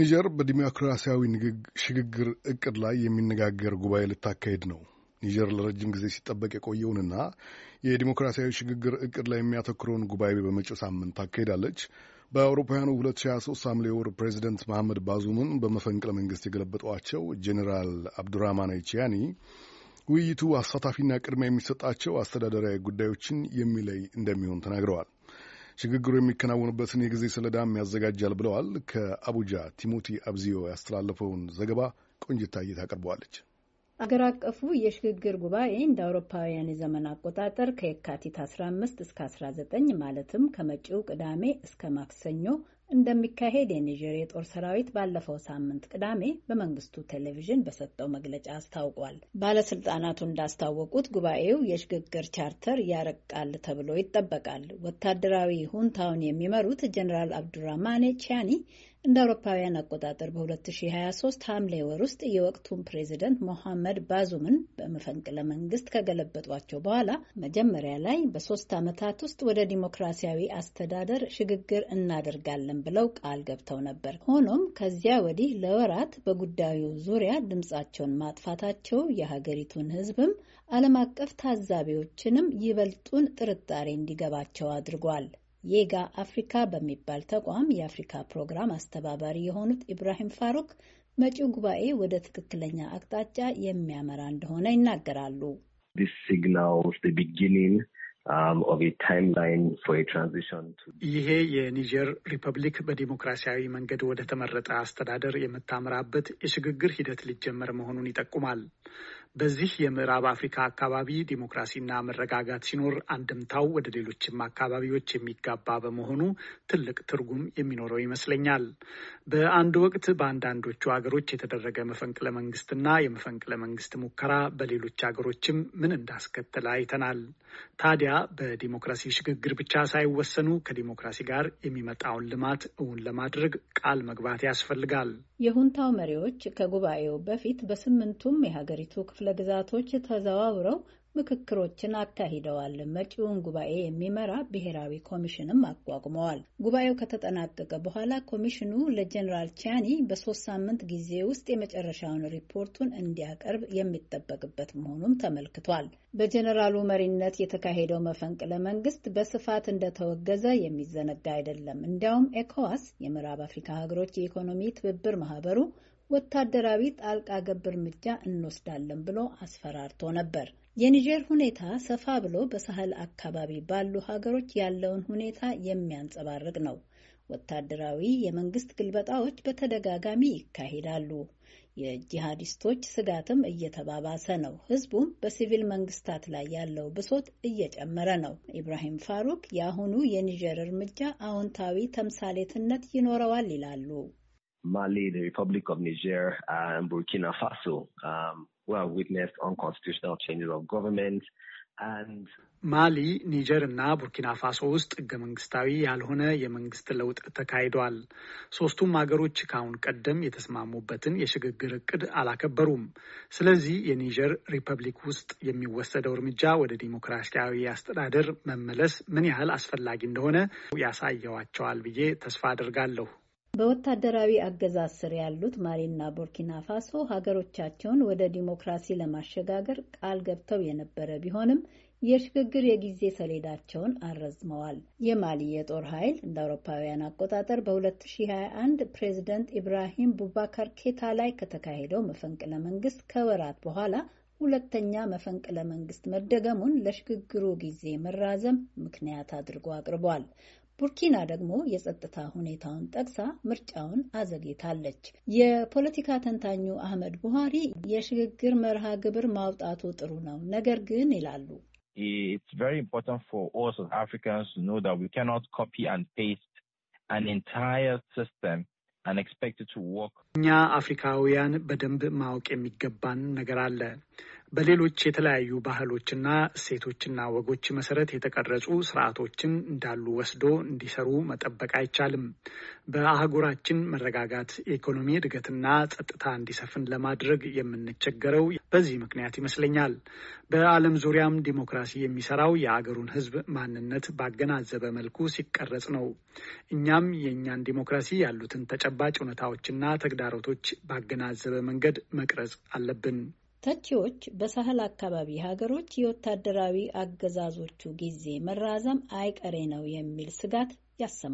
ኒጀር በዲሞክራሲያዊ ሽግግር እቅድ ላይ የሚነጋገር ጉባኤ ልታካሄድ ነው። ኒጀር ለረጅም ጊዜ ሲጠበቅ የቆየውንና የዲሞክራሲያዊ ሽግግር እቅድ ላይ የሚያተኩረውን ጉባኤ በመጪው ሳምንት ታካሄዳለች። በአውሮፓውያኑ 2023 ሐምሌ ወር ፕሬዚደንት መሐመድ ባዙምን በመፈንቅለ መንግስት የገለበጧቸው ጄኔራል አብዱራህማን ቺያኒ ውይይቱ አሳታፊና ቅድሚያ የሚሰጣቸው አስተዳደራዊ ጉዳዮችን የሚለይ እንደሚሆን ተናግረዋል። ሽግግሩ የሚከናወንበትን የጊዜ ሰሌዳም ያዘጋጃል ብለዋል። ከአቡጃ ቲሞቲ አብዚዮ ያስተላለፈውን ዘገባ ቆንጅታዬ አቅርበዋለች። አገር አቀፉ የሽግግር ጉባኤ እንደ አውሮፓውያን የዘመን አቆጣጠር ከየካቲት 15 እስከ 19 ማለትም ከመጪው ቅዳሜ እስከ ማክሰኞ እንደሚካሄድ የኒጀር የጦር ሰራዊት ባለፈው ሳምንት ቅዳሜ በመንግስቱ ቴሌቪዥን በሰጠው መግለጫ አስታውቋል። ባለስልጣናቱ እንዳስታወቁት ጉባኤው የሽግግር ቻርተር ያረቃል ተብሎ ይጠበቃል። ወታደራዊ ሁንታውን የሚመሩት ጀኔራል አብዱራማኔ ቻኒ እንደ አውሮፓውያን አቆጣጠር በ2023 ሐምሌ ወር ውስጥ የወቅቱን ፕሬዚደንት ሞሐመድ ባዙምን በመፈንቅለ መንግስት ከገለበጧቸው በኋላ መጀመሪያ ላይ በሶስት ዓመታት ውስጥ ወደ ዲሞክራሲያዊ አስተዳደር ሽግግር እናደርጋለን ብለው ቃል ገብተው ነበር። ሆኖም ከዚያ ወዲህ ለወራት በጉዳዩ ዙሪያ ድምፃቸውን ማጥፋታቸው የሀገሪቱን ህዝብም ዓለም አቀፍ ታዛቢዎችንም ይበልጡን ጥርጣሬ እንዲገባቸው አድርጓል። የጋ አፍሪካ በሚባል ተቋም የአፍሪካ ፕሮግራም አስተባባሪ የሆኑት ኢብራሂም ፋሩክ መጪው ጉባኤ ወደ ትክክለኛ አቅጣጫ የሚያመራ እንደሆነ ይናገራሉ። Um, ይሄ የኒጀር ሪፐብሊክ በዲሞክራሲያዊ መንገድ ወደ ተመረጠ አስተዳደር የምታምራበት የሽግግር ሂደት ሊጀመር መሆኑን ይጠቁማል። በዚህ የምዕራብ አፍሪካ አካባቢ ዲሞክራሲና መረጋጋት ሲኖር አንድምታው ወደ ሌሎችም አካባቢዎች የሚጋባ በመሆኑ ትልቅ ትርጉም የሚኖረው ይመስለኛል። በአንድ ወቅት በአንዳንዶቹ ሀገሮች የተደረገ መፈንቅለ መንግስትና የመፈንቅለ መንግስት ሙከራ በሌሎች ሀገሮችም ምን እንዳስከተለ አይተናል። ታዲያ ኢትዮጵያ በዲሞክራሲ ሽግግር ብቻ ሳይወሰኑ ከዲሞክራሲ ጋር የሚመጣውን ልማት እውን ለማድረግ ቃል መግባት ያስፈልጋል። የሁንታው መሪዎች ከጉባኤው በፊት በስምንቱም የሀገሪቱ ክፍለ ግዛቶች ተዘዋውረው ምክክሮችን አካሂደዋል። መጪውን ጉባኤ የሚመራ ብሔራዊ ኮሚሽንም አቋቁመዋል። ጉባኤው ከተጠናቀቀ በኋላ ኮሚሽኑ ለጀኔራል ቻኒ በሶስት ሳምንት ጊዜ ውስጥ የመጨረሻውን ሪፖርቱን እንዲያቀርብ የሚጠበቅበት መሆኑም ተመልክቷል። በጀኔራሉ መሪነት የተካሄደው መፈንቅለ መንግስት በስፋት እንደተወገዘ የሚዘነጋ አይደለም። እንዲያውም ኤኮዋስ የምዕራብ አፍሪካ ሀገሮች የኢኮኖሚ ትብብር ማህበሩ ወታደራዊ ጣልቃ ገብ እርምጃ እንወስዳለን ብሎ አስፈራርቶ ነበር። የኒጀር ሁኔታ ሰፋ ብሎ በሳህል አካባቢ ባሉ ሀገሮች ያለውን ሁኔታ የሚያንጸባርቅ ነው። ወታደራዊ የመንግስት ግልበጣዎች በተደጋጋሚ ይካሄዳሉ። የጂሃዲስቶች ስጋትም እየተባባሰ ነው። ህዝቡም በሲቪል መንግስታት ላይ ያለው ብሶት እየጨመረ ነው። ኢብራሂም ፋሩክ የአሁኑ የኒጀር እርምጃ አዎንታዊ ተምሳሌትነት ይኖረዋል ይላሉ። ማሊ፣ ሪፐብሊክ ኦፍ ኒጀር፣ ቡርኪና ፋሶ ማሊ፣ ኒጀር እና ቡርኪና ፋሶ ውስጥ ህገ መንግስታዊ ያልሆነ የመንግስት ለውጥ ተካሂዷል። ሶስቱም ሀገሮች ከአሁን ቀደም የተስማሙበትን የሽግግር እቅድ አላከበሩም። ስለዚህ የኒጀር ሪፐብሊክ ውስጥ የሚወሰደው እርምጃ ወደ ዲሞክራሲያዊ አስተዳደር መመለስ ምን ያህል አስፈላጊ እንደሆነ ያሳየዋቸዋል ብዬ ተስፋ አድርጋለሁ። በወታደራዊ አገዛዝ ስር ያሉት ማሊና ቡርኪና ፋሶ ሀገሮቻቸውን ወደ ዲሞክራሲ ለማሸጋገር ቃል ገብተው የነበረ ቢሆንም የሽግግር የጊዜ ሰሌዳቸውን አረዝመዋል። የማሊ የጦር ኃይል እንደ አውሮፓውያን አቆጣጠር በ2021 ፕሬዚደንት ኢብራሂም ቡባካር ኬታ ላይ ከተካሄደው መፈንቅለ መንግስት ከወራት በኋላ ሁለተኛ መፈንቅለ መንግስት መደገሙን ለሽግግሩ ጊዜ መራዘም ምክንያት አድርጎ አቅርቧል። ቡርኪና ደግሞ የጸጥታ ሁኔታውን ጠቅሳ ምርጫውን አዘግይታለች። የፖለቲካ ተንታኙ አህመድ ቡሃሪ የሽግግር መርሃ ግብር ማውጣቱ ጥሩ ነው፣ ነገር ግን ይላሉ እኛ አፍሪካውያን በደንብ ማወቅ የሚገባን ነገር አለ። በሌሎች የተለያዩ ባህሎችና እሴቶችና ወጎች መሰረት የተቀረጹ ስርዓቶችን እንዳሉ ወስዶ እንዲሰሩ መጠበቅ አይቻልም። በአህጉራችን መረጋጋት፣ የኢኮኖሚ እድገትና ጸጥታ እንዲሰፍን ለማድረግ የምንቸገረው በዚህ ምክንያት ይመስለኛል። በዓለም ዙሪያም ዲሞክራሲ የሚሰራው የአገሩን ሕዝብ ማንነት ባገናዘበ መልኩ ሲቀረጽ ነው። እኛም የእኛን ዲሞክራሲ ያሉትን ተጨባጭ እውነታዎችና ተግዳሮቶች ባገናዘበ መንገድ መቅረጽ አለብን። ተቺዎች በሳህል አካባቢ ሀገሮች የወታደራዊ አገዛዞቹ ጊዜ መራዘም አይቀሬ ነው የሚል ስጋት ያሰማል።